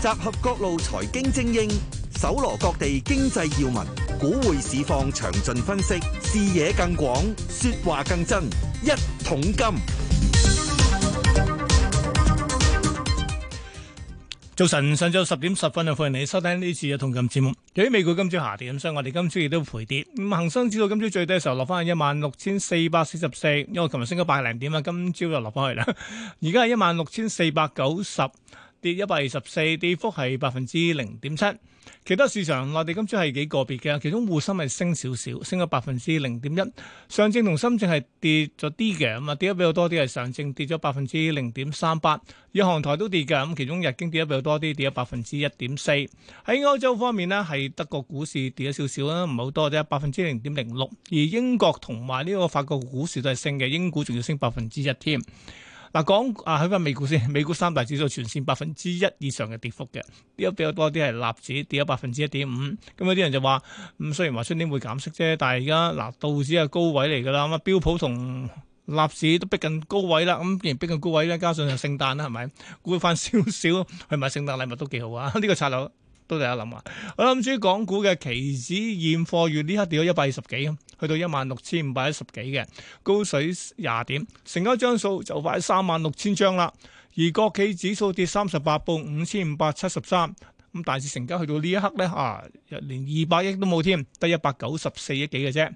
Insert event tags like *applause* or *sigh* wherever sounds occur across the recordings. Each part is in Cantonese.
集合各路財經精英，搜羅各地經濟要聞，股匯市況詳盡分析，視野更廣，說話更真。一桶金早晨，上晝十點十分就歡迎你收聽呢次嘅《桶金節目》。由於美股今朝下跌，咁所以我哋今朝亦都賠跌。咁恒生指數今朝最低嘅時候落翻去一萬六千四百四十四，因為琴日升咗百零點啊，今朝就落翻去啦。而家係一萬六千四百九十。跌一百二十四，跌幅係百分之零點七。其他市場內地今朝係幾個別嘅，其中滬深係升少少，升咗百分之零點一。上證同深證係跌咗啲嘅，咁啊跌得比較多啲係上證跌咗百分之零點三八，日港台都跌嘅，咁其中日經跌得比較多啲，跌咗百分之一點四。喺歐洲方面呢，係德國股市跌咗少少啦，唔係好多啫，百分之零點零六。而英國同埋呢個法國股市都係升嘅，英股仲要升百分之一添。嗱，講啊，睇翻美股先，美股三大指數全線百分之一以上嘅跌幅嘅，跌得比較多啲係納指跌咗百分之一點五，咁有啲人就話，咁、嗯、雖然話春天會減息啫，但係而家嗱，道指係高位嚟噶啦，咁、嗯、啊標普同納指都逼近高位啦，咁既然逼近高位咧，加上聖誕啦，係咪，沽翻少少去買聖誕禮物都幾好啊，呢 *laughs* 個策略。都大家諗啦，我諗住港股嘅期指現貨月呢刻跌咗一百二十幾，去到一萬六千五百一十幾嘅，高水廿點，成交張數就快三萬六千張啦。而國企指數跌三十八，報五千五百七十三。咁大市成交去到呢一刻咧，吓連二百億都冇添，得一百九十四億幾嘅啫。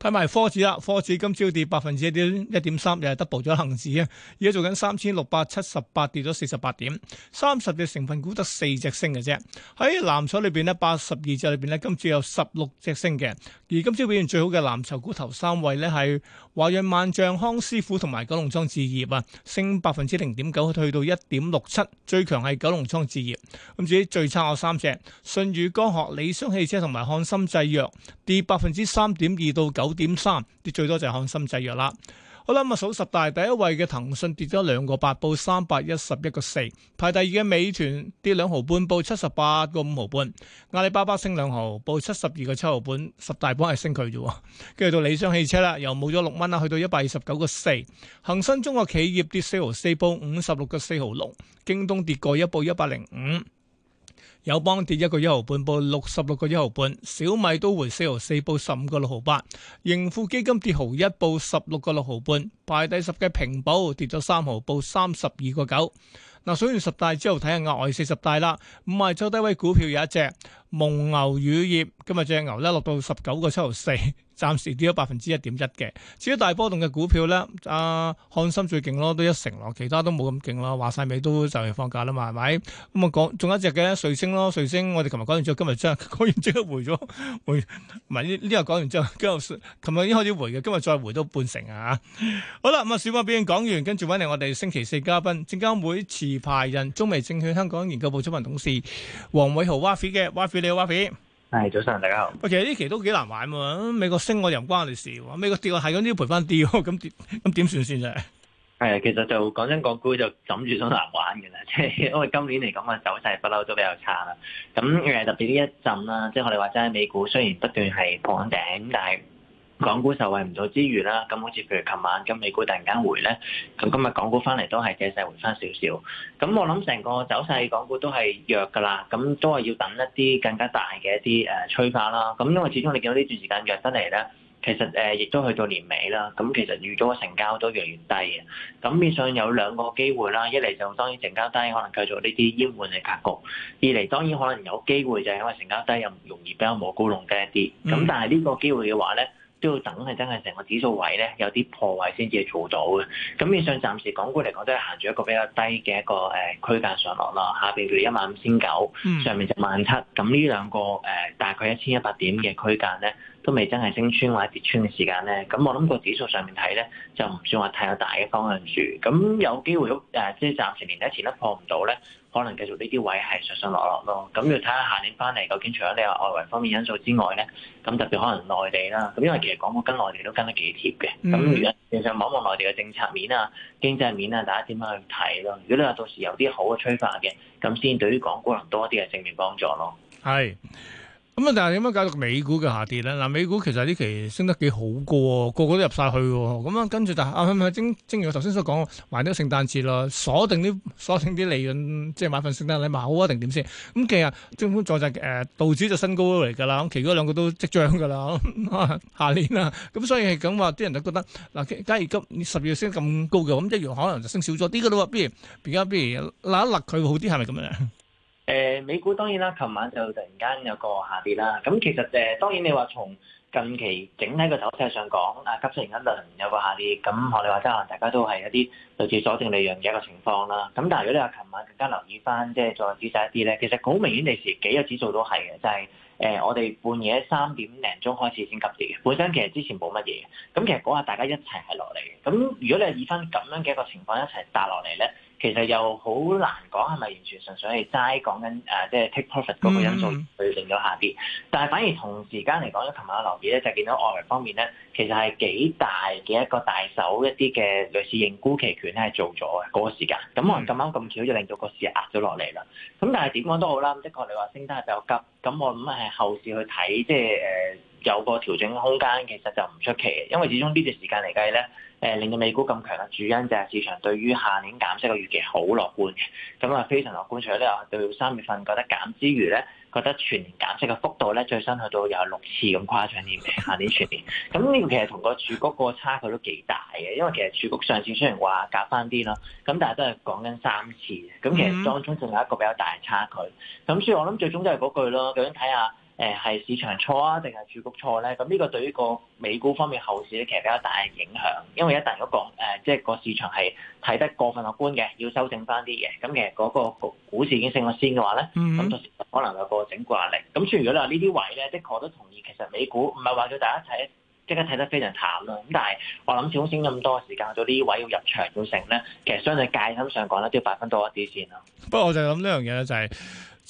睇埋科指啦，科指今朝跌百分之一點一點三，又係 l e 咗恒指啊！而家做緊三千六百七十八，跌咗四十八點，三十隻成分股得四隻升嘅啫。喺藍彩裏邊呢，八十二隻裏邊呢，今朝有十六隻升嘅，而今朝表現最好嘅藍籌股頭三位呢，係。華潤萬象康師傅同埋九龍倉置業啊，升百分之零點九，退到一點六七。最強係九龍倉置業咁，至於最差我三隻舜宇光學、理想汽車同埋翰森製藥，跌百分之三點二到九點三，跌最多就係翰森製藥啦。我諗啊，數十大第一位嘅騰訊跌咗兩個八，報三百一十一個四。排第二嘅美團跌兩毫半，報七十八個五毫半。阿里巴巴升兩毫，報七十二個七毫半。十大榜係升佢啫。跟住到理想汽車啦，又冇咗六蚊啦，去到一百二十九個四。恒生中國企業跌四毫四，報五十六個四毫六。京東跌過一，報一百零五。友邦跌一個一毫半，報六十六個一毫半；小米都回四毫四，報十五個六毫八。盈富基金跌毫一，報十六個六毫半。排第十嘅平保跌咗三毫，報三十二個九。嗱，數完十大之後，睇下額外四十大啦。五十周低位股票有一隻蒙牛乳業，今日隻牛咧落到十九個七毫四。暫時跌咗百分之一點一嘅，至於大波動嘅股票咧，啊，恒生最勁咯，都一成咯，其他都冇咁勁咯。話晒尾都就嚟放假啦嘛，係咪？咁、嗯、啊，講仲有一隻嘅，瑞星咯，瑞星，我哋琴日講完之後，今日即係講完即刻回咗，回唔係呢？呢個講完之後，今日琴日已經開始回嘅，今日再回到半成啊！好啦，咁啊，小馬表演講完，跟住揾嚟我哋星期四嘉賓，證監會持牌人，中微證券香港研究部主文董事，黃偉豪，Wafi 嘅，Wafi 你好，Wafi。係，早晨，大家好。喂，其實呢期都幾難玩喎，美國升我又唔關我哋事喎，美國跌我係咁都要賠翻啲喎，咁咁點算先啫？係，其實就講真，港股就諗住都難玩嘅啦，即係因為今年嚟講嘅走勢不嬲都比較差啦。咁誒、呃，特別呢一陣啦，即係我哋話齋，美股雖然不斷係破頂，但係。港股受惠唔到之餘啦，咁好似譬如琴晚咁，美股突然間回咧，咁今日港股翻嚟都係借勢回翻少少。咁我諗成個走勢，港股都係弱㗎啦。咁都係要等一啲更加大嘅一啲誒催化啦。咁因為始終你見到呢段時間弱得嚟咧，其實誒亦都去到年尾啦。咁其實預咗個成交都越嚟越低嘅。咁變相有兩個機會啦，一嚟就當然成交低，可能繼續呢啲淹緩嘅格局；二嚟當然可能有機會就係因為成交低又容易比較舞高弄低一啲。咁但係呢個機會嘅話咧。都要等係真係成個指數位咧有啲破位先至做到嘅，咁以上暫時港股嚟講都係行住一個比較低嘅一個誒、呃、區間上落啦，下邊佢一萬五千九，上面就萬七，咁呢兩個誒、呃、大概一千一百點嘅區間咧。都未真係升穿或者跌穿嘅時間咧，咁我諗個指數上面睇咧，就唔算話太有大嘅方向住。咁有機會都誒、呃，即係暫時年底前都破唔到咧，可能繼續呢啲位係上上落落咯。咁要睇下下年翻嚟究竟除咗你話外圍方面因素之外咧，咁特別可能內地啦。咁因為其實港股跟內地都跟得幾貼嘅。咁如果正常望望內地嘅政策面啊、經濟面啊，大家點樣去睇咯？如果你話到時有啲好嘅催化嘅，咁先對於港股能多啲嘅正面幫助咯。係。咁但係點解解讀美股嘅下跌咧？嗱，美股其實呢期升得幾好嘅，個個都入晒去。咁、嗯、啊，跟住就係，係啊，係精，正如我頭先所講，埋啲聖誕節啦，鎖定啲，鎖定啲利潤，即係買份聖誕禮物好啊，定點先？咁、嗯、其實政府在就誒，道指就新高嚟噶啦，咁其他兩個都即漲噶啦，下年啊，咁、嗯、所以係咁話，啲人都覺得嗱，假如今十月升咁高嘅，咁一樣可能就升少咗啲噶咯。拉拉是不如而家，不如立一立佢好啲，係咪咁樣？誒、呃、美股當然啦，琴晚就突然間有個下跌啦。咁、嗯、其實誒、呃、當然你話從近期整體個走勢上講，啊急升一輪有個下跌，咁、嗯、學你話齋，大家都係一啲類似鎖定利潤嘅一個情況啦。咁、嗯、但係如果你話琴晚更加留意翻，即、就、係、是、再仔細一啲咧，其實好明顯你時幾個指數都係嘅，就係、是、誒、呃、我哋半夜三點零鐘開始先急跌嘅。本身其實之前冇乜嘢，咁、嗯、其實嗰下大家一齊係落嚟。咁如果你係以翻咁樣嘅一個情況一齊搭落嚟咧？其實又好難講係咪完全純粹係齋講緊誒，即、uh, 係 take profit 嗰個因素去令到下跌，mm hmm. 但係反而同時間嚟講，咁琴日留意咧就見到外圍方面咧，其實係幾大嘅一個大手一啲嘅類似認沽期權咧係做咗嘅嗰個時間，咁我咁啱咁巧就令到個市壓咗落嚟啦。咁但係點講都好啦，咁的確你話升得係比較急，咁我諗係後市去睇，即係誒。Uh, 有個調整空間，其實就唔出奇，因為始終呢段時間嚟計咧，誒、呃、令到美股咁強嘅主因就係市場對於下年減息嘅預期好樂觀嘅，咁、嗯、啊非常樂觀。除咗咧對三月份覺得減之餘咧，覺得全年減息嘅幅度咧最新去到有六次咁誇張啲嘅下年全年。咁、嗯、呢 *laughs* 個其實同個儲局個差距都幾大嘅，因為其實儲局上次雖然話減翻啲咯，咁但係都係講緊三次，咁其實當中仲有一個比較大嘅差距。咁所以我諗最終都係嗰句咯，究竟睇下。誒係市場錯啊，定係儲局錯咧？咁呢個對於個美股方面後市咧，其實比較大嘅影響。因為一旦嗰，那個即係、呃就是、個市場係睇得過分樂觀嘅，要修正翻啲嘅。咁其實嗰個股市已經升咗先嘅話咧，咁就，嗯嗯、可能有個整固壓力。咁所以如果你話呢啲位咧，的確我都同意，其實美股唔係話叫大家睇即刻睇得非常淡咯。咁但係我諗，始終升咁多時間，到呢啲位要入場要成咧，其實相信戒心上講咧，都要擺翻多一啲先咯。不過我就諗呢樣嘢咧，就係，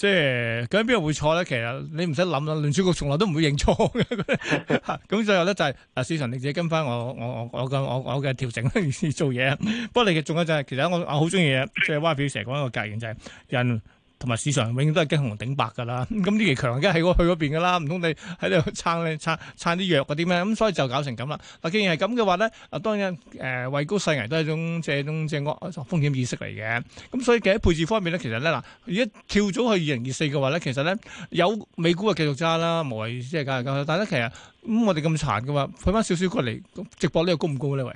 即係究竟邊個會錯咧？其實你唔使諗啦，聯儲局從來都唔會認錯嘅。咁最後咧就係、是、嗱，市場你自己跟翻我，我我我嘅我我嘅調整啦，而做嘢。 *laughs* 不過你嘅仲有就係、是，其實我好中意即係 y 皮成日講一個格言就係、是、人。同埋市場永遠都係驚紅頂白㗎啦，咁 *laughs* 呢期強梗係我去嗰邊㗎啦，唔通你喺度撐你撐撐啲弱嗰啲咩？咁所以就搞成咁啦。啊，既然係咁嘅話咧，啊當然誒、呃、位高勢危都係一種即係一種即風險意識嚟嘅。咁所以其實配置方面咧，其實咧嗱，而家跳咗去二零二四嘅話咧，其實咧有美股嘅繼續揸啦，無謂即係價嚟價去。但係咧其實咁、嗯、我哋咁殘嘅話，退翻少少過嚟，直播呢個高唔高咧？喂。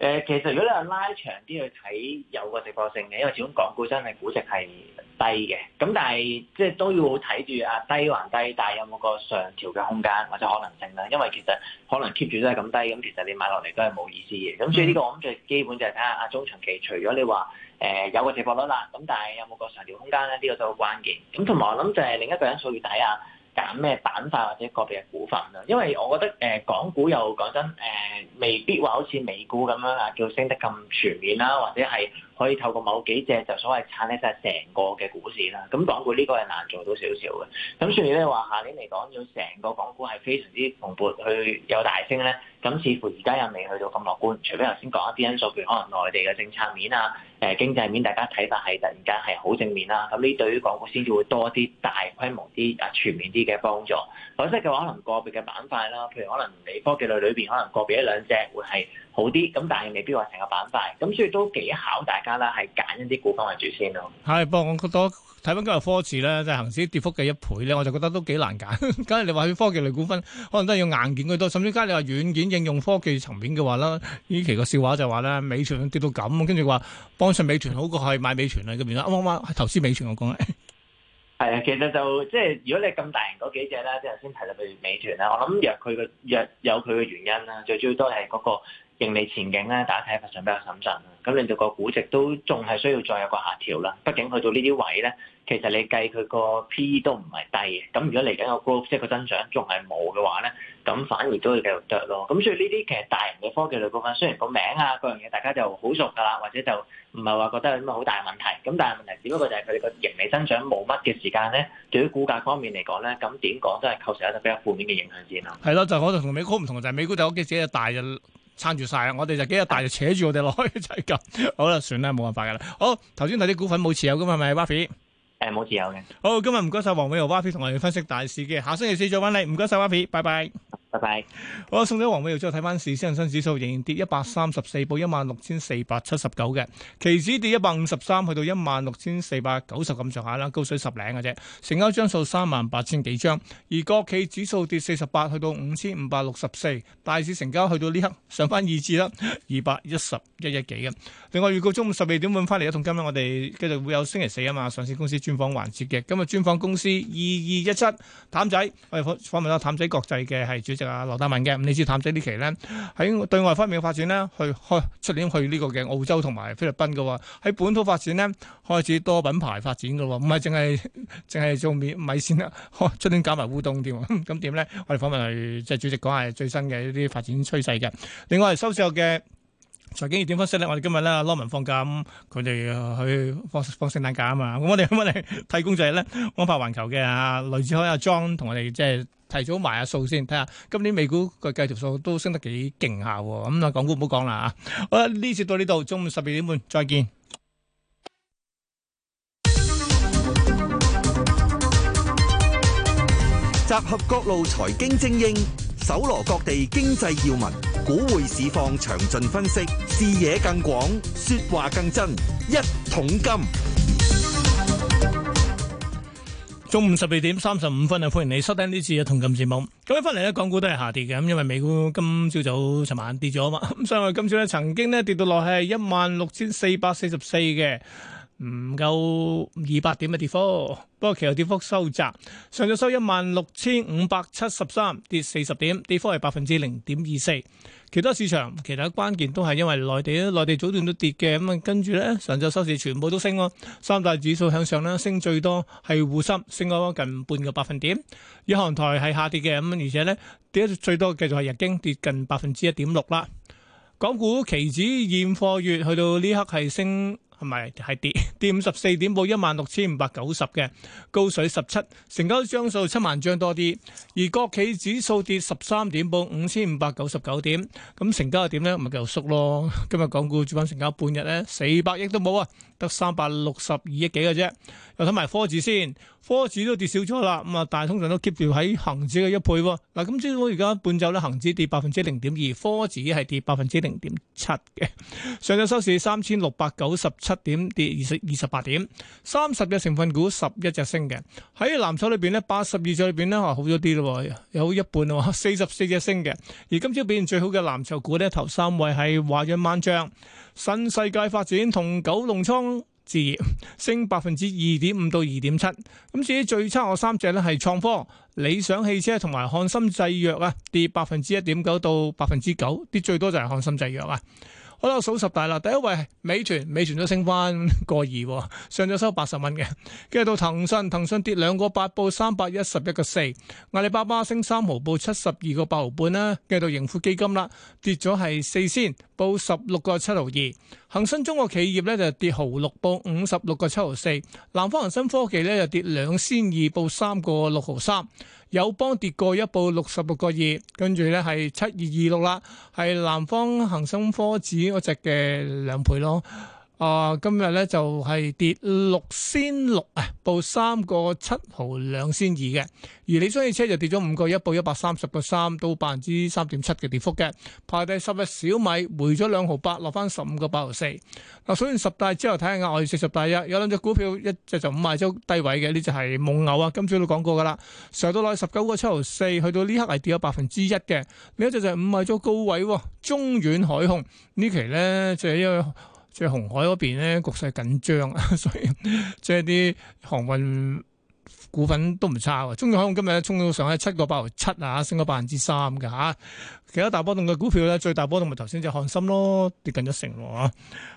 誒，其實如果你話拉長啲去睇，有個值博性嘅，因為始終港股真係估值係低嘅，咁但係即係都要睇住啊低還低，但係有冇個上調嘅空間或者可能性咧？因為其實可能 keep 住都係咁低，咁其實你買落嚟都係冇意思嘅。咁所以呢個我諗最基本就係睇下啊中長期除咗你話誒、呃、有個值博率啦，咁但係有冇個上調空間咧？呢個都好關鍵。咁同埋我諗就係另一個因素要睇下。揀咩板塊或者個別嘅股份啊，因為我覺得誒、呃，港股又講真誒、呃，未必話好似美股咁樣啊，叫升得咁全面啦，或者係。可以透過某幾隻就所謂撐咧，就成個嘅股市啦。咁港股呢個係難做到少少嘅。咁所以咧話，下年嚟講，要成個港股係非常之蓬勃，去有大升咧。咁似乎而家又未去到咁樂觀，除非頭先講一啲因素，譬如可能內地嘅政策面啊，誒、呃、經濟面，大家睇法係突然間係好正面啦。咁呢對於港股先至會多啲大規模啲啊全面啲嘅幫助。否則嘅話，可能個別嘅板塊啦，譬如可能理科技類裏邊，可能個別一兩隻會係。好啲咁，但係未必話成個板塊咁，所以都幾考大家啦，係揀一啲股份為主先咯。係，不過我覺得睇翻今日科技咧，即係恒指跌幅嘅一倍咧，我就覺得都幾難揀。梗 *laughs* 係你話要科技類股份，可能都係用硬件居多，甚至加你話軟件應用科技層面嘅話啦。呢期個笑話就話咧，美團跌到咁，跟住話幫襯美團好過去買美團啊咁樣，啱唔啱？係投資美團我講咧。係啊，其實就即係如果你咁大型嗰幾隻咧，即係頭先提到譬如美團啦，我諗若佢嘅若有佢嘅原因啦，最主要都係嗰個。盈利前景咧，大家睇法上比較審慎，咁令到個估值都仲係需要再有個下調啦。畢竟去到呢啲位咧，其實你計佢個 PE 都唔係低嘅。咁如果嚟緊個 growth，即係個增長，仲係冇嘅話咧，咁反而都會繼續着咯。咁所以呢啲其實大型嘅科技類部分，雖然個名啊各樣嘢大家就好熟㗎啦，或者就唔係話覺得有啲乜好大問題。咁但係問題只不過就係佢哋個盈利增長冇乜嘅時間咧。對於股價方面嚟講咧，咁點講都係構成一個比較負面嘅影響先啦。係咯，就可能同美股唔同，就係、是、美股就有啲自己嘅大嘅。撐住晒啦，我哋就幾日大就扯住我哋落去，就係咁。好啦，算啦，冇辦法噶啦。好，頭先嗰啲股份冇持有噶嘛，係咪，Wapi，誒、冇、嗯、持有嘅。好，今日唔該晒黃偉和 Wapi 同我哋分析大市嘅，下星期四再搵你。唔該晒 Wapi，拜拜。多謝，我送咗黃偉耀之後，睇翻市先，恒生指數仍然跌一百三十四，報一萬六千四百七十九嘅，期指跌一百五十三，去到一萬六千四百九十咁上下啦，高水十零嘅啫。成交張數三萬八千幾張，而國企指數跌四十八，去到五千五百六十四，大市成交去到呢刻上翻二字啦，二百一十一一幾嘅。另外預告中午十二點半翻嚟一桶金，今日我哋繼續會有星期四啊嘛，上市公司專訪環節嘅，今日專訪公司二二一七譚仔，我哋訪訪問下譚仔國際嘅係主席，啊，羅德文嘅，你知探仔呢期咧喺對外方面嘅發展咧，去開出年去呢個嘅澳洲同埋菲律賓嘅喎，喺本土發展咧開始多品牌發展嘅喎，唔係淨係淨係做麵米線啊，出、哦、年搞埋烏冬添，咁點咧？我哋訪問嚟即係主席講下最新嘅一啲發展趨勢嘅。另外係收市嘅財經熱點分析咧，我哋今日咧阿羅文放假，咁佢哋去放放聖誕假啊嘛，咁我哋今日嚟替工作日咧，安發環球嘅啊雷似康阿莊同我哋即係。提早埋下數先，睇下今年美股個計條數都升得幾勁下，咁啊，港股唔好講啦啊！好啦，呢次到呢度，中午十二點半再見。集合各路財經精英，搜羅各地經濟要聞，股匯市況詳盡分析，視野更廣，說話更真，一桶金。中午十二點三十五分啊，歡迎你收聽呢次嘅同感節目。咁一翻嚟，咧，港股都係下跌嘅，咁因為美股今朝早，早，尋晚跌咗啊嘛。咁所以我今朝咧，曾經咧跌到落去一萬六千四百四十四嘅，唔夠二百點嘅跌幅。不過其後跌幅收窄，上晝收一萬六千五百七十三，跌四十點，跌幅係百分之零點二四。其他市場，其他關鍵都係因為內地咧，內地早段都跌嘅，咁、嗯、啊跟住咧上晝收市全部都升咯，三大指數向上咧，升最多係滬深，升咗近半個百分點，而韓台係下跌嘅，咁、嗯、而且咧跌得最多嘅就係日經，跌近百分之一點六啦。港股期指現貨月去到呢刻係升。咪係跌跌五十四點，報一萬六千五百九十嘅高水十七，成交張數七萬張多啲。而國企指數跌十三點，報五千五百九十九點。咁成交係點咧？咪繼續縮咯。今日港股主板成交半日咧，四百億都冇啊，得三百六十二億幾嘅啫。又睇埋科指先，科指都跌少咗啦。咁啊，但係通常都 keep 住喺恒指嘅一倍喎。嗱，咁即係我而家半日咧，恒指跌百分之零點二，科指係跌百分之零點七嘅。上週收市三千六百九十七。點跌二十二十八點，三十隻成分股十一隻升嘅。喺藍籌裏邊呢，八十二隻裏邊呢、啊，好咗啲咯，有一半啊，四十四隻升嘅。而今朝表現最好嘅藍籌股呢，頭三位係華潤萬象、新世界發展同九龍倉置業，升百分之二點五到二點七。咁至於最差我三隻呢，係創科、理想汽車同埋瀚森製藥啊，跌百分之一點九到百分之九，跌最多就係瀚森製藥啊。好，我啦數十大啦，第一位係美團，美團都升翻個二，上咗收八十蚊嘅。跟住到騰訊，騰訊跌兩個八，報三百一十一個四。阿里巴巴升三毫，報七十二個八毫半啦。跟住到盈富基金啦，跌咗係四仙，報十六個七毫二。恒生中國企業咧就跌毫六，報五十六個七毫四。南方恒生科技咧就跌兩仙二，報三個六毫三。友邦跌過一部六十六個二，跟住咧係七二二六啦，係南方恒生科指嗰隻嘅兩倍咯。啊！今日咧就係跌六仙六啊，報三個七毫兩仙二嘅。而理想汽車就跌咗五個一，報一百三十個三到百分之三點七嘅跌幅嘅。排第十嘅小米，回咗兩毫八，落翻十五個八毫四。嗱，所以十大之後睇下壓住四十大一有兩、這個、隻股票一隻就五賣咗低位嘅，呢隻係蒙牛啊，今朝都講過噶啦，成日都攞十九個七毫四，去到呢刻係跌咗百分之一嘅。另一隻就五賣咗高位，中遠海控呢期咧就係因為。即係紅海嗰邊咧，局勢緊張， *laughs* 所以即係啲航運股份都唔差嘅。中遠今日咧，衝到上去七個八毫七啊，升咗百分之三嘅吓。其他大波動嘅股票咧，最大波動咪頭先就漢森咯，跌近咗成咯。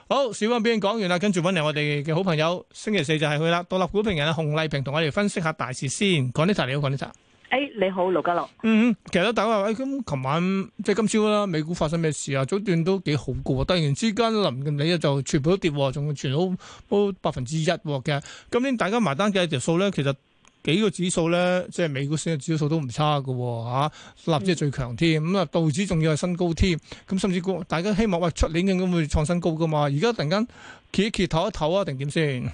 好，小溫邊講完啦，跟住揾嚟我哋嘅好朋友，星期四就係去啦，獨立股評人洪麗萍同我哋分析下大事先。講呢集，你好，講呢集。講誒、哎，你好，盧家樂。嗯嗯，其實咧，大家話，誒、哎，咁琴晚即係今朝啦，美股發生咩事啊？早段都幾好嘅，突然之間，臨近你啊就全部都跌，仲全好，都百分之一嘅。今年大家埋單嘅條數咧，其實幾個指數咧，即係美股升嘅指數都唔差嘅吓、啊，納指係最強添，咁啊、嗯嗯、道指仲要係新高添，咁甚至大家希望喂出、哎、年嘅應該會創新高噶嘛？而家突然間揭一揭唞一唞啊，定點先？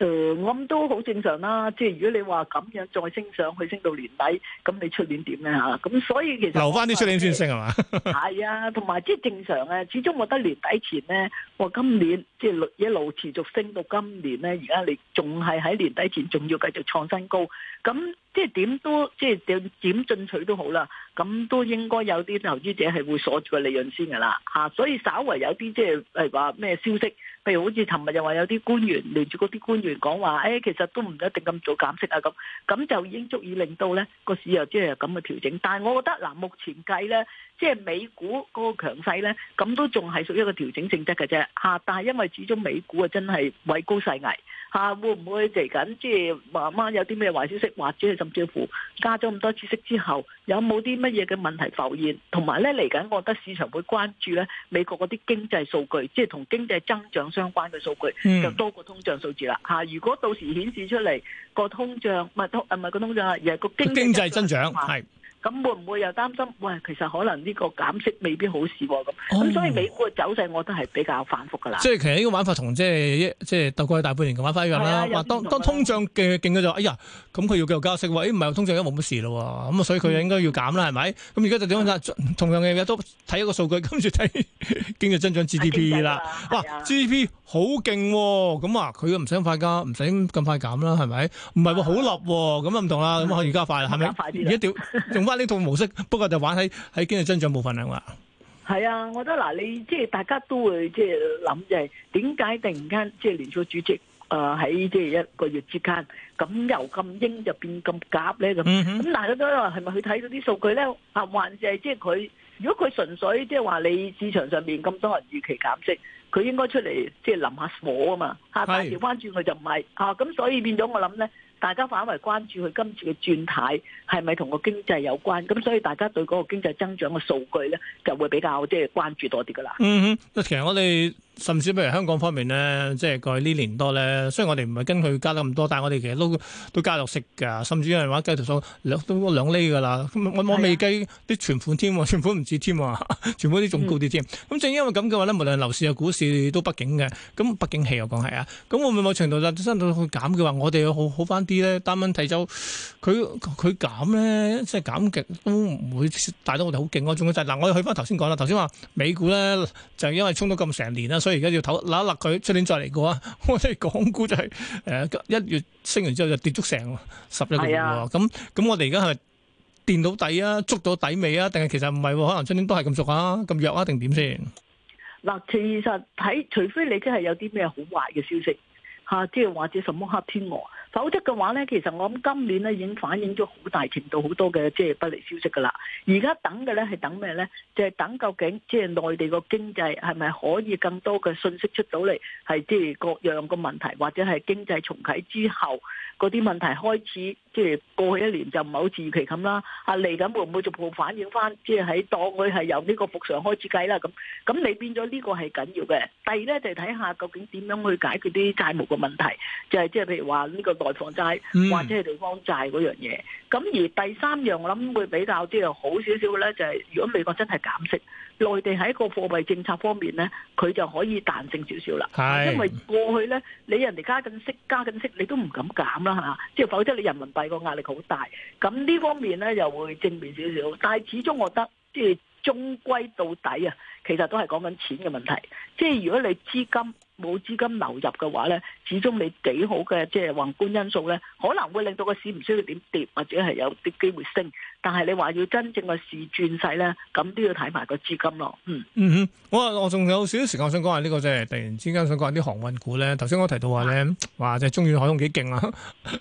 誒、嗯，我諗都好正常啦。即係如果你話咁樣再升上去，升到年底，咁你出年點咧嚇？咁所以其實留翻啲出年先升係嘛？係啊的，同埋即係正常啊。始終我覺得年底前咧，我今年即係一路持續升到今年咧，而家你仲係喺年底前，仲要繼續創新高。咁即係點都即係點點進取都好啦，咁都應該有啲投資者係會鎖住個利潤先噶啦，吓，所以稍為有啲即係誒話咩消息，譬如好似尋日又話有啲官員連住嗰啲官員講話，誒其實都唔一定咁早減息啊咁，咁就已經足以令到咧個市又即係咁嘅調整，但係我覺得嗱，目前計咧。即係美股嗰個強勢咧，咁都仲係屬於一個調整性質嘅啫，吓！但係因為始終美股啊，真係位高勢危，吓！會唔會嚟緊即係慢慢有啲咩壞消息，或者甚至乎加咗咁多知識之後，有冇啲乜嘢嘅問題浮現？同埋咧，嚟緊我覺得市場會關注咧，美國嗰啲經濟數據，即係同經濟增長相關嘅數據，就多過通脹數字啦，吓、啊！如果到時顯示出嚟個通脹唔係通，唔係個通脹啊，而係個經經濟增長係。咁會唔會又擔心？喂，其實可能呢個減息未必好事喎。咁咁所以美股嘅走勢，我都係比較反覆噶啦。即係其實呢個玩法同即係即係逗過去大半年嘅玩法一樣啦。哇！當當通脹勁勁嗰陣，哎呀，咁佢要繼續加息喎。咦？唔係，通脹而家冇乜事咯。咁啊，所以佢應該要減啦，係咪？咁而家就點啊？同樣嘅嘢都睇一個數據，跟住睇經濟增長 GDP 啦。哇！GDP 好勁喎，咁啊，佢唔使快加，唔使咁快減啦，係咪？唔係喎，好立喎，咁啊唔同啦。咁啊，而家快啦，係咪？而家調呢套模式，不過就玩喺喺經濟增長部分係嘛？係啊，我覺得嗱，你即係大家都會即係諗，就係點解突然間即係聯儲主席啊喺即係一個月之間咁由咁英就變咁夾咧咁。咁大家都係咪去睇到啲數據咧？啊，還是係即係佢如果佢純粹即係話，你市場上面咁多人預期減息，佢應該出嚟即係淋下火啊嘛。嚇，但係翻轉佢就唔係嚇，咁所以變咗我諗咧。大家反而關注佢今次嘅轉態係咪同個經濟有關？咁所以大家對嗰個經濟增長嘅數據咧，就會比較即係關注多啲㗎喇。嗯哼，其實我哋甚至譬如香港方面咧，即係過去呢年多咧，雖然我哋唔係跟佢加得咁多，但係我哋其實都都加落息㗎，甚至有人話計頭數兩都兩釐㗎啦。我我未計啲存款添喎，存款唔止添喎，存款啲仲高啲添。咁正因為咁嘅話咧，無論樓市啊、股市都不景嘅，咁不景氣又講係啊，咁會唔會某程度就生到去減嘅話，我哋好好翻。啲咧單蚊睇走佢佢減咧，即係減極都唔會帶到我哋好勁咯。仲有就嗱、是，我又去翻頭先講啦。頭先話美股咧就因為衝到咁成年啦，所以而家要唞攔一攔佢，出年再嚟過。我哋港股就係、是、誒、呃、一月升完之後就跌足成十一個月喎。咁咁、啊，我哋而家係跌到底啊，捉到底尾啊，定係其實唔係、啊，可能出年都係咁熟啊，咁弱啊，定點先？嗱，其實睇，除非你真係有啲咩好壞嘅消息嚇，即係或者什麼黑天鵝。否則嘅話呢其實我諗今年呢已經反映咗好大程度好多嘅即係不利消息㗎喇。而家等嘅呢係等咩呢？就係、是、等究竟即係內地個經濟係咪可以更多嘅信息出到嚟？係即係各樣個問題，或者係經濟重啟之後嗰啲問題開始。即係過去一年就唔係好似預期咁啦，啊嚟緊會唔會逐步反映翻？即係喺當佢係由呢個復常開始計啦，咁咁你變咗呢個係緊要嘅。第二咧就係、是、睇下究竟點樣去解決啲債務嘅問題，就係即係譬如話呢個內房債或者係地方債嗰樣嘢。咁而第三樣我諗會比較即係好少少咧，就係如果美國真係減息。內地喺一個貨幣政策方面咧，佢就可以彈性少少啦。係，因為過去咧，你人哋加緊息加緊息，緊息你都唔敢減啦，嚇、啊！即係否則你人民幣個壓力好大。咁呢方面咧又會正面少少，但係始終我覺得，即係終歸到底啊，其實都係講緊錢嘅問題。即係如果你資金，冇資金流入嘅話咧，始終你幾好嘅即係宏觀因素咧，可能會令到個市唔需要點跌，或者係有啲機會升。但係你話要真正個市轉勢咧，咁都要睇埋個資金咯。嗯嗯哼，我我仲有少少時間我想講下呢、這個即係突然之間想講下啲航運股咧。頭先我提到話咧，話即係中遠海控幾勁啊，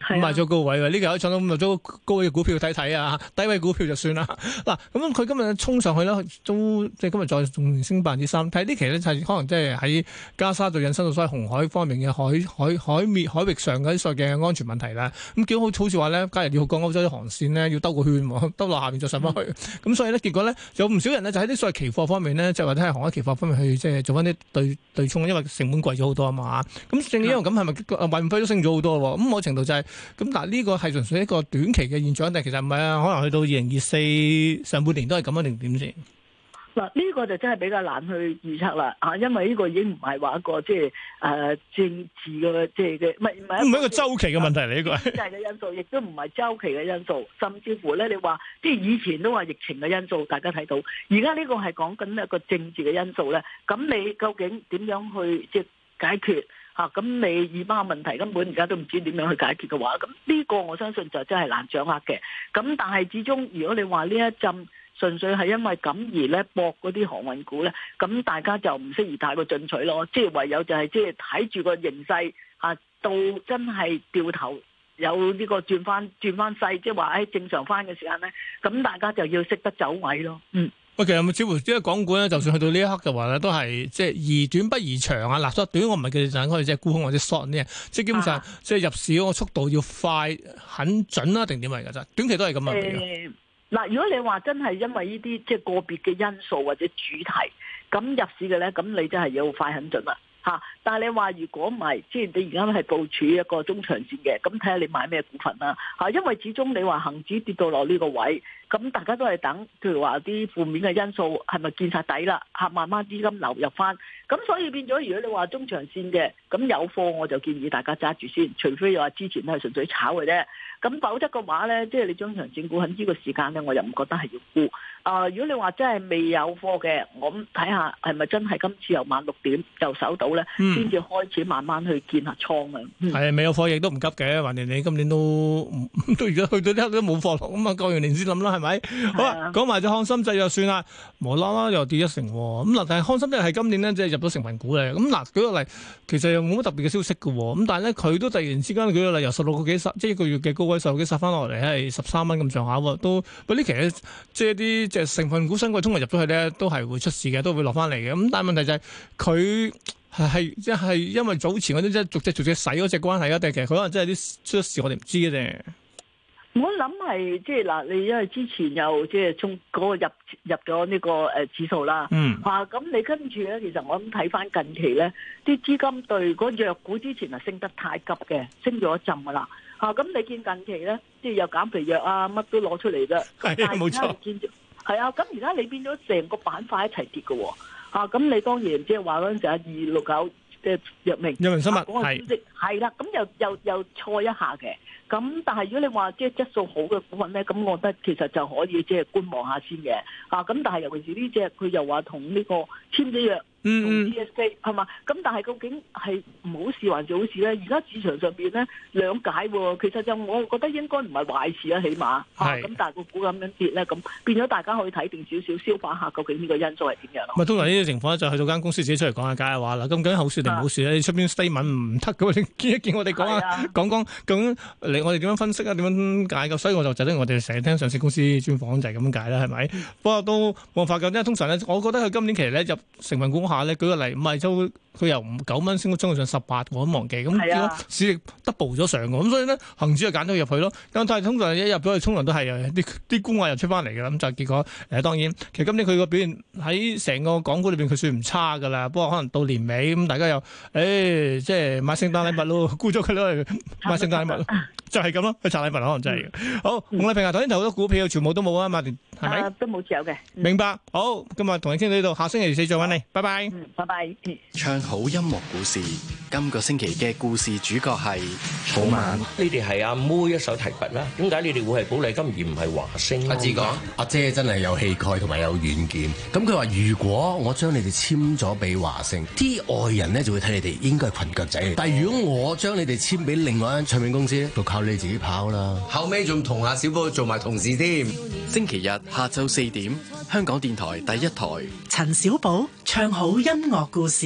賣咗、啊、高位，呢期可以搶到五度高高位嘅股票睇睇啊，低位股票就算啦。嗱、啊，咁佢今日衝上去啦，都即係今日再仲升百分之三。睇呢期咧係可能即係喺加沙涉及到西紅海方面嘅海海海面海域上嗰啲所謂嘅安全問題啦，咁幾好好似話咧，假如要過歐洲啲航線咧，要兜個圈，兜落下面再上翻去。咁所以咧，結果咧，有唔少人咧就喺啲所謂期貨方面咧，就話喺航海期貨方面去即係做翻啲對對沖，因為成本貴咗好多啊嘛。咁正因為咁，係咪運費都升咗好多？咁某程度就係咁，但係呢個係純粹一個短期嘅現象，但其實唔係啊？可能去到二零二四上半年都係咁樣，定點先？呢個就真係比較難去預測啦嚇，因為呢個已經唔係話一個即係誒、呃、政治嘅即係嘅，唔係唔係一個周期嘅問題嚟嘅。唔係經濟嘅因素，亦都唔係周期嘅因素，甚至乎咧，你話即係以前都話疫情嘅因素，大家睇到而家呢個係講緊一個政治嘅因素咧。咁你究竟點樣去即係解決嚇？咁你以巴問題根本而家都唔知點樣去解決嘅話，咁呢個我相信就真係難掌握嘅。咁但係始終，如果你話呢一陣，純粹係因為咁而咧，搏嗰啲航運股咧，咁大家就唔適宜太過進取咯。即係唯有就係即係睇住個形勢嚇，到真係掉頭有呢個轉翻轉翻勢，即係話喺正常翻嘅時間咧，咁大家就要識得走位咯。嗯，喂，其實唔少乎，因為港股咧，就算去到呢一刻嘅話咧，都係即係宜短不宜長啊。立縮短，我唔係叫你賺嗰啲即係沽空或者 short 嘅，即係基本上即係入市嗰個速度要快、很準啦，定點係㗎啫？短期都係咁啊。嗱，如果你話真係因為呢啲即係個別嘅因素或者主題，咁入市嘅咧，咁你真係要快狠準啦嚇。但係你話如果唔係，即係你而家係部署一個中長線嘅，咁睇下你買咩股份啦，啊、嚇、啊。因為始終你話恒指跌到落呢個位。咁大家都係等，譬如話啲負面嘅因素係咪見晒底啦？吓，慢慢資金流入翻，咁所以變咗，如果你話中長線嘅，咁有貨我就建議大家揸住先，除非話之前都係純粹炒嘅啫。咁否則嘅話咧，即係你中長線股，喺呢個時間咧，我又唔覺得係要沽。啊、呃，如果你話真係未有貨嘅，我睇下係咪真係今次又晚六點就守到咧，先至、嗯、開始慢慢去建下倉嘅。係啊、嗯，未有貨亦都唔急嘅，橫掂你今年都都而家去到呢刻都冇貨，咁啊過完年先諗啦。係咪 *noise* 好啦？講埋隻康心製又算啦，無啦啦又跌一成喎。咁嗱，但係康心製係今年咧即係入咗成分股嚟。咁、嗯、嗱舉個例，其實又冇乜特別嘅消息嘅。咁但係咧，佢都突然之間，佢又舉個例，由十六個幾十即係一個月嘅高位十六幾十殺翻落嚟，係十三蚊咁上下喎。都嗱呢其實即係啲即係成份股新貴通常入咗去咧，都係會出事嘅，都會落翻嚟嘅。咁但係問題就係佢係係即係因為早前嗰啲即係逐隻逐隻洗嗰隻關係啊。定其實佢可能真係啲出咗事我，我哋唔知嘅啫。我諗係即係嗱，你因為之前又即係衝嗰個入入咗呢個誒指數啦，嗯，吓咁你跟住咧，其實我諗睇翻近期咧，啲資金對嗰藥股之前係升得太急嘅，升咗一浸噶啦，吓咁你見近期咧，即係有減肥藥啊乜都攞出嚟啫，係冇錯，係啊，咁而家你變咗成個板塊一齊跌嘅，吓咁你當然即係話嗰陣二六九嘅藥明藥明生物係，係啦，咁又又又錯一下嘅。咁但係如果你話即係質素好嘅股份咧，咁我覺得其實就可以即係觀望下先嘅。啊，咁但係尤其是呢隻，佢又話同呢個簽咗約。嗯，同 ESG 係嘛？咁但係究竟係唔好事還是好事咧？而家市場上邊咧兩解喎，其實就我覺得應該唔係壞事啦，起碼係咁。但係個股咁樣跌咧，咁變咗大家可以睇定少少，消化下究竟呢個因素係點樣。咪通常呢個情況咧，就去到間公司自己出嚟講下解嘅話啦。咁究竟好事定唔好事咧？你出面 statement 唔得嘅喎，見一見我哋講下講講咁嚟，我哋點樣分析啊？點樣解嘅？所以我就就聽我哋成日聽上市公司專訪就係咁解啦，係咪？不過都冇辦法㗎，因為通常咧，我覺得佢今年期咧入成分股，下咧舉個例，唔係就佢由五九蚊升到沖上十八，我都忘記咁，結果市值 double 咗上，咁所以咧，恒指就揀咗入去咯。咁但係通常一入到去沖涼都係啲啲沽壓又出翻嚟嘅啦，咁就結果誒、呃、當然其實今年佢個表現喺成個港股裏邊佢算唔差嘅啦，不過可能到年尾咁大家又誒、欸、即係買聖誕禮物咯，沽咗佢咯，買聖誕禮物咯， *laughs* 就係咁咯，去拆禮物可能真係。嗯、好，洪禮平啊，頭先投咗股票，全部都冇啊嘛，係咪？都冇持有嘅。嗯、明白，好，今日同你傾到呢度，下星期四再揾你，拜拜。拜拜！Bye bye. 唱好音樂故事，今個星期嘅故事主角係草蜢。慢嗯、你哋係阿妹一手提拔啦。點解你哋會係寶麗金而唔係華星？阿、啊、志講，阿、啊、姐真係有氣概同埋有遠見。咁佢話：如果我將你哋簽咗俾華星，啲外人咧就會睇你哋應該係裙腳仔。但係如果我將你哋簽俾另外一間唱片公司，就靠你自己跑啦。後尾仲同阿小寶做埋同事添。嗯、星期日下晝四點，香港電台第一台，陳小寶唱好。好音樂故事，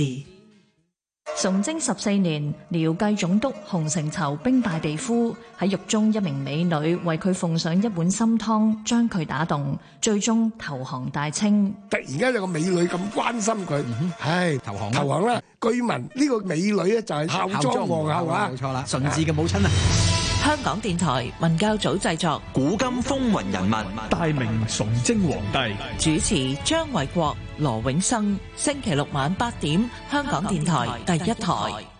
崇禎十四年，遼薊總督洪承疇兵敗被俘，喺獄中一名美女為佢奉上一碗參湯，將佢打動，最終投降大清。突然間有個美女咁關心佢，唉，投降投降啦！據聞呢個美女咧就係孝莊皇后啊，冇錯啦，順治嘅母親啊。香港電台文教組製作《古今風雲人物》，大明崇禎皇帝，主持張偉國、羅永生，星期六晚八點，香港電台第一台。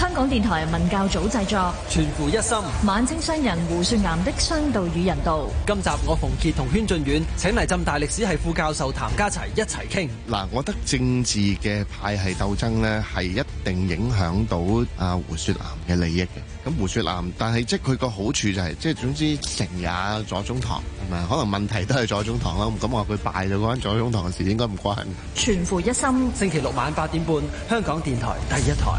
香港電台文教組製作《全乎一心》，晚清商人胡雪岩的商道與人道。今集我馮杰同軒俊遠，請嚟浸大歷史系副教授譚家齊一齊傾。嗱，我覺得政治嘅派系鬥爭咧，係一定影響到阿、啊、胡雪岩嘅利益嘅。咁胡雪岩，但係即係佢個好處就係、是，即係總之成也左中堂，係、嗯、可能問題都係左中堂啦。咁話佢敗咗嗰陣左中堂嘅事，應該唔關。全乎一心，星期六晚八點半，香港電台第一台。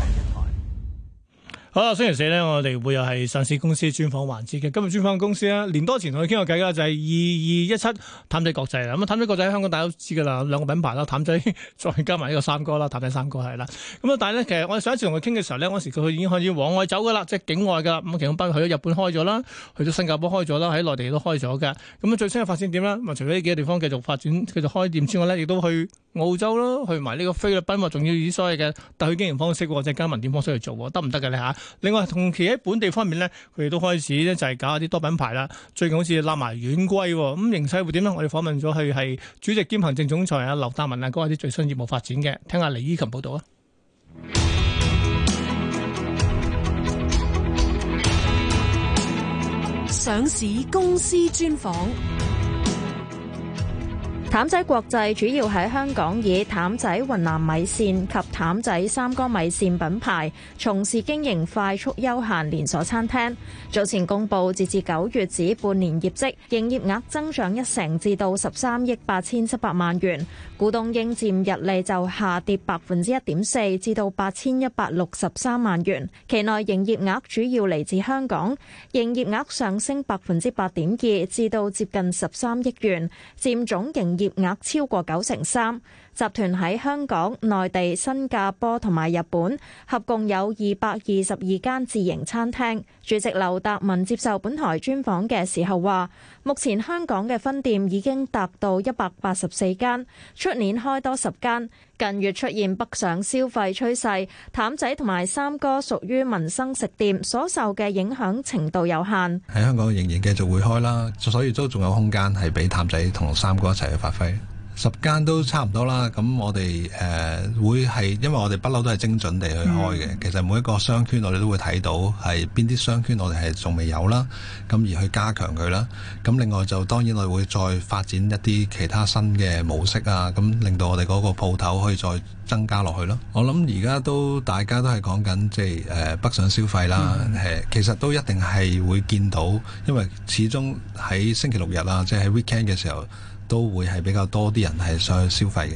好啦，星期四咧，我哋會又係上市公司專訪環節嘅。今日專訪嘅公司咧，年多前同佢傾過偈嘅就係二二一七譚仔國際啦。咁啊，譚仔國際喺香港大家都知噶啦，兩個品牌啦，譚仔 *laughs* 再加埋呢個三哥啦，譚仔三哥係啦。咁啊，但係咧，其實我哋上一次同佢傾嘅時候咧，嗰時佢已經開始往外走噶啦，即係境外噶。咁其中包括去咗日本開咗啦，去咗新加坡開咗啦，喺內地都開咗噶。咁啊，最新嘅發展點咧？咁啊，除咗呢幾個地方繼續發展、繼續開店之外咧，亦都去澳洲啦，去埋呢個菲律賓，或仲要以所謂嘅特許經營方式或者加盟店方式去做，得唔得嘅咧吓？你啊另外同期喺本地方面咧，佢哋都開始咧就係搞一啲多品牌啦。最近好似立埋遠歸喎，咁、嗯、形勢會點呢？我哋訪問咗佢係主席兼行政總裁阿劉達文啊，講下啲最新業務發展嘅。聽下李依琴報導啊！上市公司專訪。淡仔國際主要喺香港以淡仔雲南米線及淡仔三哥米線品牌，從事經營快速休閒連鎖餐廳。早前公布截至九月止半年業績，營業額增長一成至到十三億八千七百萬元，股東應佔溢利就下跌百分之一點四至到八千一百六十三萬元。期內營業額主要嚟自香港，營業額上升百分之八點二至到接近十三億元，佔總營業業額超過九成三。集團喺香港、內地、新加坡同埋日本合共有二百二十二間自營餐廳。主席劉達文接受本台專訪嘅時候話，目前香港嘅分店已經達到一百八十四間，出年開多十間。近月出現北上消費趨勢，譚仔同埋三哥屬於民生食店，所受嘅影響程度有限。喺香港仍然繼續會開啦，所以都仲有空間係俾譚仔同三哥一齊去發揮。十間都差唔多啦，咁我哋誒、呃、會係，因為我哋不嬲都係精準地去開嘅。嗯、其實每一個商圈我哋都會睇到，係邊啲商圈我哋係仲未有啦，咁而去加強佢啦。咁另外就當然我哋會再發展一啲其他新嘅模式啊，咁令到我哋嗰個鋪頭可以再增加落去咯。我諗而家都大家都係講緊即係誒北上消費啦，誒、嗯、其實都一定係會見到，因為始終喺星期六日啊，即係喺 weekend 嘅時候。都會係比較多啲人係上去消費嘅，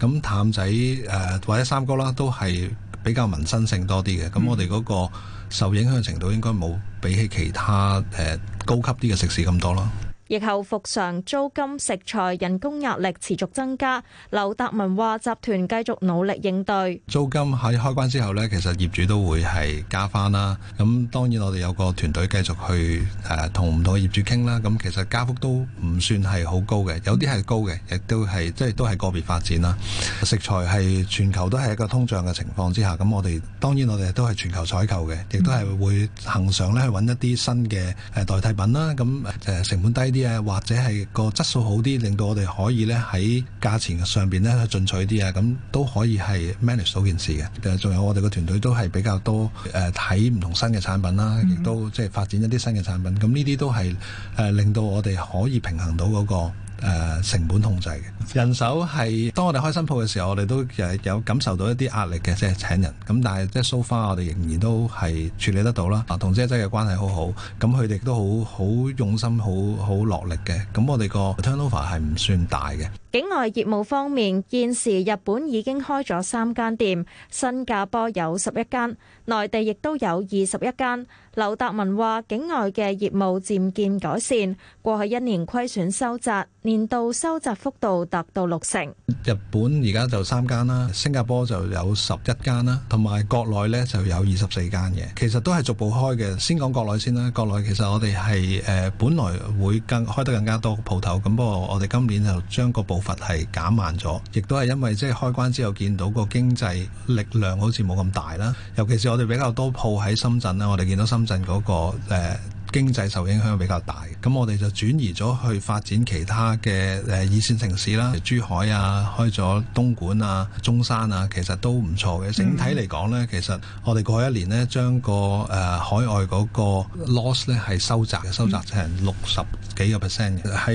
咁譚仔誒、呃、或者三哥啦，都係比較民生性多啲嘅，咁我哋嗰個受影響程度應該冇比起其他誒、呃、高級啲嘅食肆咁多咯。疫後復常，租金、食材、人工壓力持續增加。劉達文話：集團繼續努力應對。租金喺開關之後咧，其實業主都會係加翻啦。咁當然我哋有個團隊繼續去誒同唔同嘅業主傾啦。咁其實加幅都唔算係好高嘅，有啲係高嘅，亦都係即係都係個別發展啦。食材係全球都係一個通脹嘅情況之下，咁我哋當然我哋都係全球採購嘅，亦都係會恒常咧去揾一啲新嘅誒代替品啦。咁誒成本低啲。或者係個質素好啲，令到我哋可以咧喺價錢上邊去進取啲啊，咁都可以係 manage 到件事嘅。仲有我哋個團隊都係比較多誒，睇、呃、唔同新嘅產品啦，亦都即係發展一啲新嘅產品。咁呢啲都係誒、呃，令到我哋可以平衡到嗰、嗰個。誒、呃、成本控制嘅人手係，當我哋開新鋪嘅時候，我哋都有，有感受到一啲壓力嘅，即係請人。咁但係即係 so far，我哋仍然都係處理得到啦。啊，同姐仔嘅關係好好，咁佢哋都好好用心，好好落力嘅。咁我哋個 turnover 係唔算大嘅。境外業務方面，現時日本已經開咗三間店，新加坡有十一間，內地亦都有二十一間。劉達文話：境外嘅業務漸見改善，過去一年虧損收窄，年度收窄幅度達到六成。日本而家就三間啦，新加坡就有十一間啦，同埋國內呢就有二十四間嘅，其實都係逐步開嘅。先講國內先啦，國內其實我哋係誒，本來會更開得更加多鋪頭咁，不過我哋今年就將個部步伐係減慢咗，亦都係因為即係開關之後見到個經濟力量好似冇咁大啦。尤其是我哋比較多鋪喺深圳啦，我哋見到深圳嗰個、那個、uh, 經濟受影響比較大，咁我哋就轉移咗去發展其他嘅誒二線城市啦，珠海啊，開咗東莞啊、中山啊，其實都唔錯嘅。整體嚟講呢，其實我哋過一年呢，將個誒、呃、海外嗰個 loss 呢係收窄嘅，收窄成六十幾個 percent 嘅。喺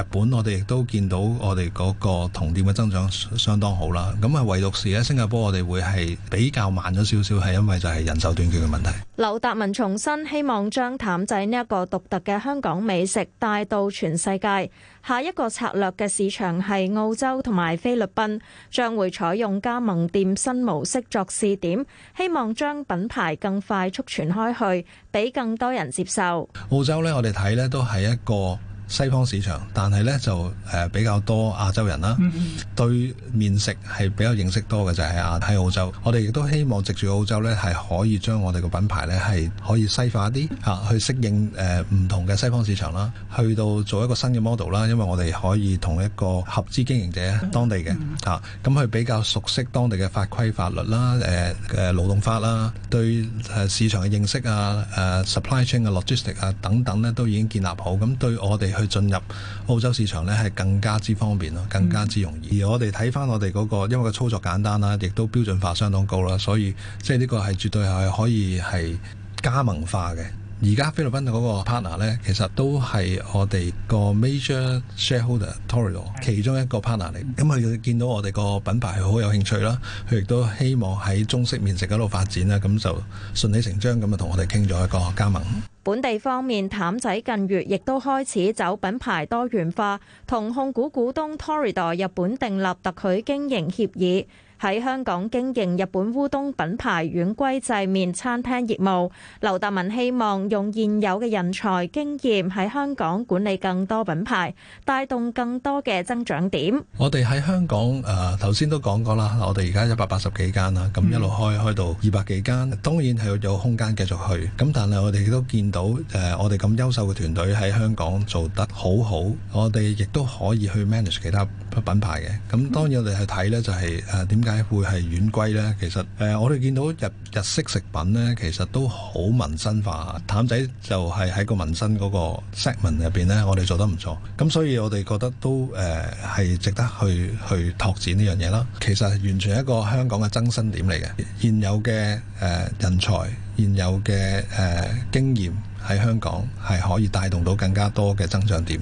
日本我哋亦都見到我哋嗰個同店嘅增長相當好啦。咁啊，唯獨是呢，新加坡我哋會係比較慢咗少少，係因為就係人手短缺嘅問題。劉達文重申希望將談。使呢一個獨特嘅香港美食帶到全世界。下一個策略嘅市場係澳洲同埋菲律賓，將會採用加盟店新模式作試點，希望將品牌更快速傳開去，俾更多人接受。澳洲呢，我哋睇呢都係一個西方市場，但係咧就誒、呃、比較多亞洲人啦， *laughs* 對面食係比較認識多嘅就係亞喺澳洲。我哋亦都希望藉住澳洲咧，係可以將我哋嘅品牌咧係可以西化啲吓、啊、去適應誒唔、呃、同嘅西方市場啦。去到做一個新嘅 model 啦，因為我哋可以同一個合資經營者當地嘅嚇，咁、啊、佢比較熟悉當地嘅法規法律啦、誒、呃、嘅、呃、勞動法啦，對誒市場嘅認識啊、誒、呃、supply chain 嘅 logistic 啊等等咧，都已經建立好。咁對我哋去進入澳洲市場咧，係更加之方便咯，更加之容易。嗯、而我哋睇翻我哋嗰、嗰個，因為個操作簡單啦，亦都標準化相當高啦，所以即係呢個係絕對係可以係加盟化嘅。而家菲律賓嗰個 partner 呢，其實都係我哋個 major shareholder，Toro 其中一個 partner 嚟。咁、嗯、佢、嗯、見到我哋個品牌好有興趣啦，佢亦都希望喺中式麵食嗰度發展啦，咁就順理成章咁就同我哋傾咗一個加盟。本地方面，淡仔近月亦都開始走品牌多元化，同控股股東 Toridoll 日本訂立特許經營協議。喺香港經營日本烏冬品牌丸龜製麵餐廳業務，劉達文希望用現有嘅人才經驗喺香港管理更多品牌，帶動更多嘅增長點。我哋喺香港誒頭先都講過啦，我哋而家一百八十幾間啦，咁一路開開到二百幾間當然係有空間繼續去。咁但係我哋亦都見到誒、呃、我哋咁優秀嘅團隊喺香港做得好好，我哋亦都可以去 manage 其他品牌嘅。咁當然我哋去睇咧就係誒點解？呃會係遠歸咧，其實誒、呃，我哋見到日日式食品呢，其實都好民生化。譚仔就係喺個民生嗰個 segment 入邊呢，我哋做得唔錯。咁所以我哋覺得都誒係、呃、值得去去拓展呢樣嘢啦。其實完全係一個香港嘅增生點嚟嘅，現有嘅誒人才，現有嘅誒、呃、經驗喺香港係可以帶動到更加多嘅增長點。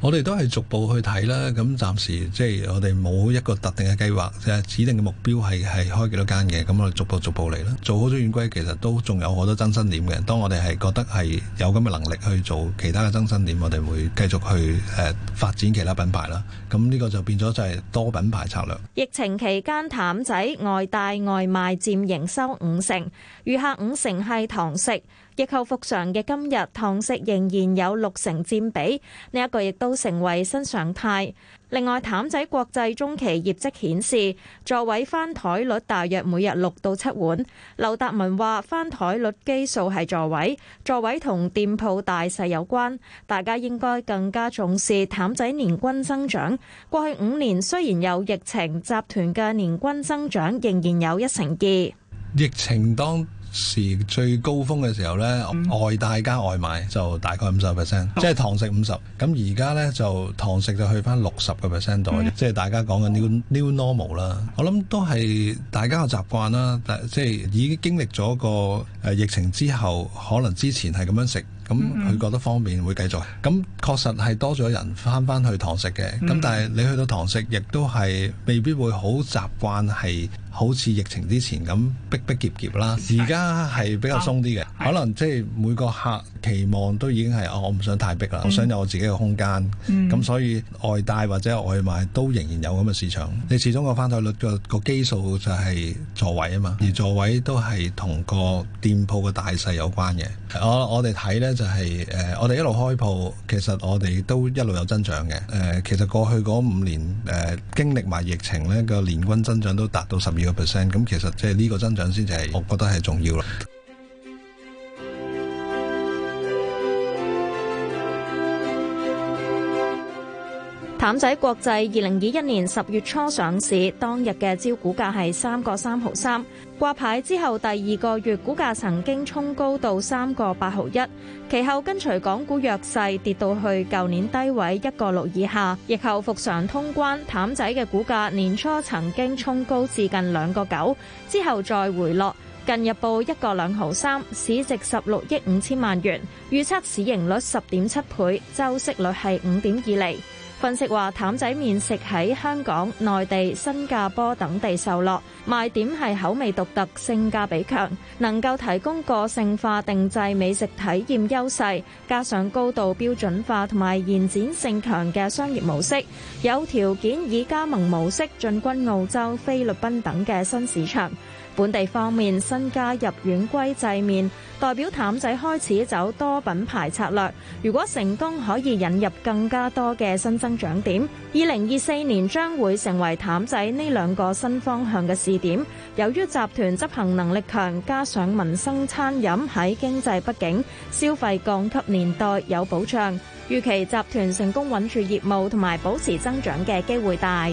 我哋都係逐步去睇啦，咁暫時即係我哋冇一個特定嘅計劃，誒指定嘅目標係係開幾多間嘅，咁我哋逐步逐步嚟啦。做好咗遠歸，其實都仲有好多增新點嘅，當我哋係覺得係有咁嘅能力去做其他嘅增新點，我哋會繼續去誒、呃、發展其他品牌啦。咁呢個就變咗就係多品牌策略。疫情期間，譚仔外帶外賣佔營收五成，餘下五成係堂食。疫後復常嘅今日，堂食仍然有六成佔比，呢一個亦都成為新常態。另外，譚仔國際中期業績顯示，座位翻台率大約每日六到七碗。劉達文話：翻台率基數係座位，座位同店鋪大細有關。大家應該更加重視譚仔年均增長。過去五年雖然有疫情，集團嘅年均增長仍然有一成二。疫情當時最高峰嘅時候呢，嗯、外帶加外賣就大概五十 percent，即係堂食五十。咁而家呢，就堂食就去翻六十個 percent 度，嗯、即係大家講緊 new new normal 啦。我諗都係大家嘅習慣啦，但即係已經經歷咗個誒疫情之後，可能之前係咁樣食。咁佢、嗯嗯、覺得方便會繼續，咁、嗯、確、嗯、實係多咗人翻翻去堂食嘅，咁、嗯嗯、但係你去到堂食，亦都係未必會好習慣係好似疫情之前咁逼逼夾夾啦，而家係比較鬆啲嘅，嗯、可能即係每個客期望都已經係哦，我唔想太逼啦，我想有我自己嘅空間，咁、嗯嗯、所以外帶或者外賣都仍然有咁嘅市場，你始終個翻台率個基數就係座位啊嘛，而座位都係同個店鋪嘅大細有關嘅。我我哋睇咧。就係、是、誒、呃，我哋一路開鋪，其實我哋都一路有增長嘅。誒、呃，其實過去嗰五年誒、呃、經歷埋疫情咧，個年均增長都達到十二個 percent。咁、嗯、其實即係呢個增長先至係我覺得係重要啦。譚仔國際二零二一年十月初上市當日嘅招股價係三個三毫三，掛牌之後第二個月股價曾經衝高到三個八毫一，其後跟隨港股弱勢，跌到去舊年低位一個六以下。疫後复常通關，譚仔嘅股價年初曾經衝高至近兩個九之後再回落，近日報一個兩毫三，市值十六億五千萬元，預測市盈率十點七倍，周息率係五點二厘。分析話，譚仔麵食喺香港、內地、新加坡等地受落，賣點係口味獨特、性價比強，能夠提供個性化定製美食體驗優勢，加上高度標準化同埋延展性強嘅商業模式，有條件以加盟模式進軍澳洲、菲律賓等嘅新市場。本地方面，新加入遠歸製面，代表淡仔開始走多品牌策略。如果成功，可以引入更加多嘅新增長點。二零二四年將會成為淡仔呢兩個新方向嘅試點。由於集團執行能力強，加上民生餐飲喺經濟不景、消費降級年代有保障，預期集團成功穩住業務同埋保持增長嘅機會大。